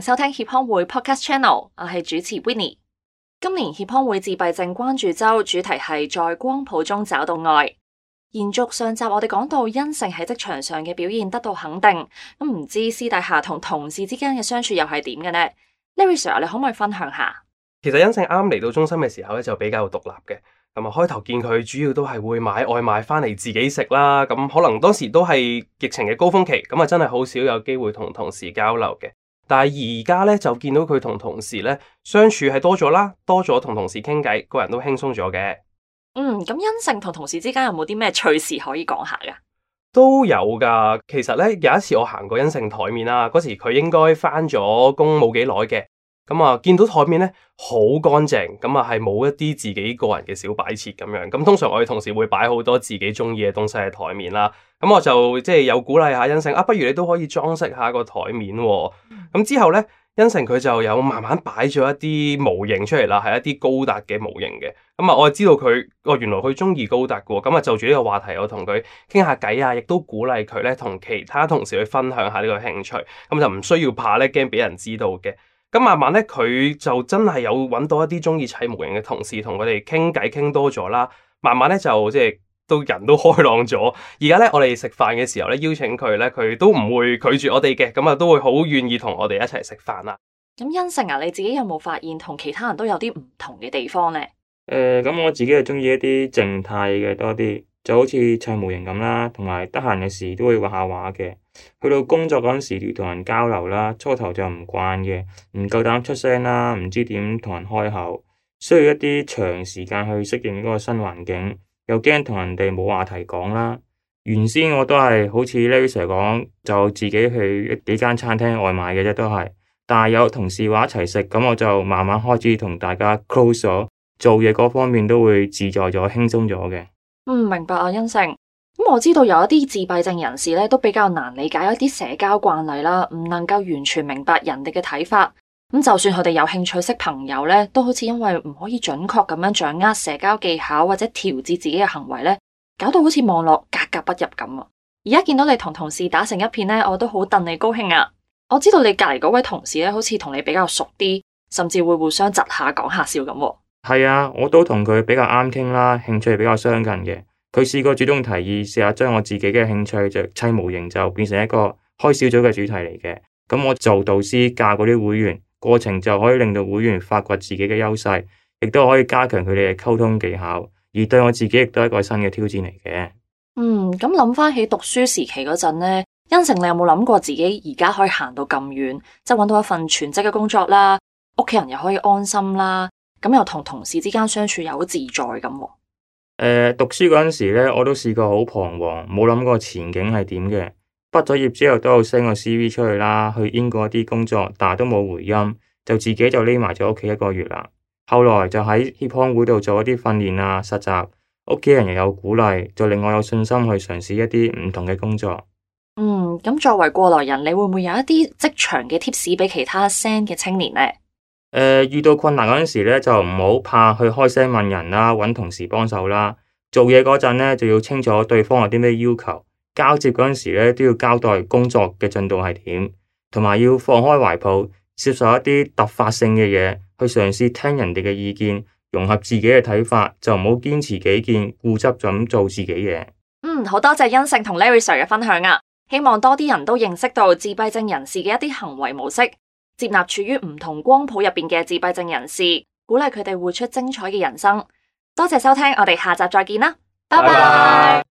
收聽協康會 Podcast Channel，我係主持 Winny。今年協康會自閉症關注周主題係在光譜中找到愛。延續上集，我哋講到恩盛喺職場上嘅表現得到肯定，咁唔知私底下同同事之間嘅相處又係點嘅呢？Larry Sir，你可唔可以分享下？其實恩盛啱啱嚟到中心嘅時候咧，就比較獨立嘅。咁、嗯、啊，開頭見佢主要都係會買外賣翻嚟自己食啦。咁、嗯、可能當時都係疫情嘅高峰期，咁、嗯、啊真係好少有機會同同事交流嘅。但係而家呢就見到佢同同事呢相處係多咗啦，多咗同同事傾偈，個人都輕鬆咗嘅。嗯，咁恩盛同同事之間有冇啲咩趣事可以講下㗎？都有㗎，其實呢有一次我行過恩盛台面啦，嗰時佢應該返咗工冇幾耐嘅。咁啊、嗯，見到台面咧好乾淨，咁啊係冇一啲自己個人嘅小擺設咁樣。咁、嗯、通常我哋同事會擺好多自己中意嘅東西喺台面啦。咁、嗯、我就即係有鼓勵下恩盛，啊不如你都可以裝飾下個台面，哦。咁、嗯、之後咧，恩盛佢就有慢慢擺咗一啲模型出嚟啦，係一啲高達嘅模型嘅。咁、嗯、啊，我就知道佢哦，原來佢中意高達嘅。咁、嗯、啊，就住呢個話題，我同佢傾下偈啊，亦都鼓勵佢咧，同其他同事去分享下呢個興趣，咁、嗯、就唔需要怕咧，驚俾人知道嘅。咁慢慢呢，佢就真係有搵到一啲中意砌模型嘅同事，同佢哋傾偈傾多咗啦。慢慢呢，就即係都人都開朗咗。而家呢，我哋食飯嘅時候呢，邀請佢呢，佢都唔會拒絕我哋嘅，咁啊都會好願意同我哋一齊食飯啦。咁、嗯、恩盛啊，你自己有冇發現同其他人都有啲唔同嘅地方呢？誒、呃，我自己係中意一啲靜態嘅多啲，就好似砌模型咁啦，同埋得閒嘅時都會畫下畫嘅。去到工作嗰陣時要同人交流啦，初頭就唔慣嘅，唔夠膽出聲啦，唔知點同人開口，需要一啲長時間去適應嗰個新環境，又驚同人哋冇話題講啦。原先我都係好似 Larry Sir 講，就自己去幾間餐廳外賣嘅啫，都係。但係有同事話一齊食，咁我就慢慢開始同大家 close 咗，做嘢嗰方面都會自在咗，輕鬆咗嘅。嗯，明白，我恩盛。嗯，我知道有一啲自閉症人士都比較難理解一啲社交慣例啦，唔能夠完全明白人哋嘅睇法，嗯。就算佢哋有興趣識朋友都好似因為唔可以準確咁樣掌握社交技巧，或者調節自己嘅行為，搞到好似網絡格格不入咁啊！而家見到你同同事打成一片，我都好戥你高興啊，我知道你隔籬嗰位同事好似同你比較熟啲，甚至會互相窒下講下笑咁。係啊，我都同佢比較啱傾啦，興趣係比較相近嘅。佢試過主動提議，試下將我自己嘅興趣就砌模型，就變成一個開小組嘅主題嚟嘅。咁我做導師教嗰啲會員，過程就可以令到會員發掘自己嘅優勢，亦都可以加強佢哋嘅溝通技巧。而對我自己亦都係一個新嘅挑戰嚟嘅。嗯，咁諗返起讀書時期嗰陣呢，恩盛，你有冇諗過自己而家可以行到咁遠，即係揾到一份全職嘅工作啦，屋企人又可以安心啦，咁又同同事之間相處又好自在咁？誒，讀書嗰陣時咧，我都試過好彷徨，冇諗過前景係點嘅。畢咗業之後，都有 send 個 CV 出去啦，去英國一啲工作，但係都冇回音，就自己就匿埋咗屋企一個月啦。後來就喺協康會度做一啲訓練啊、實習，屋企人又有鼓勵，就令我有信心去嘗試一啲唔同嘅工作。嗯，咁作為過來人，你會唔會有一啲職場嘅貼士俾其他 SEN 嘅青年呢？呃、遇到困難嗰陣時呢就唔好怕去開聲問人啦，搵同事幫手啦。做嘢嗰陣咧，就要清楚對方有啲咩要求。交接嗰陣時呢都要交代工作嘅進度係點，同埋要放開懷抱，接受一啲突發性嘅嘢，去嘗試聽人哋嘅意見，融合自己嘅睇法，就唔好堅持己見，固執咁做自己嘢。嗯，好多謝恩盛同 Larry Sir 嘅分享啊！希望多啲人都認識到自閉症人士嘅一啲行為模式。接納處於唔同光譜入面嘅自閉症人士，鼓勵佢哋活出精彩嘅人生。多謝收聽，我哋下集再見啦，拜拜。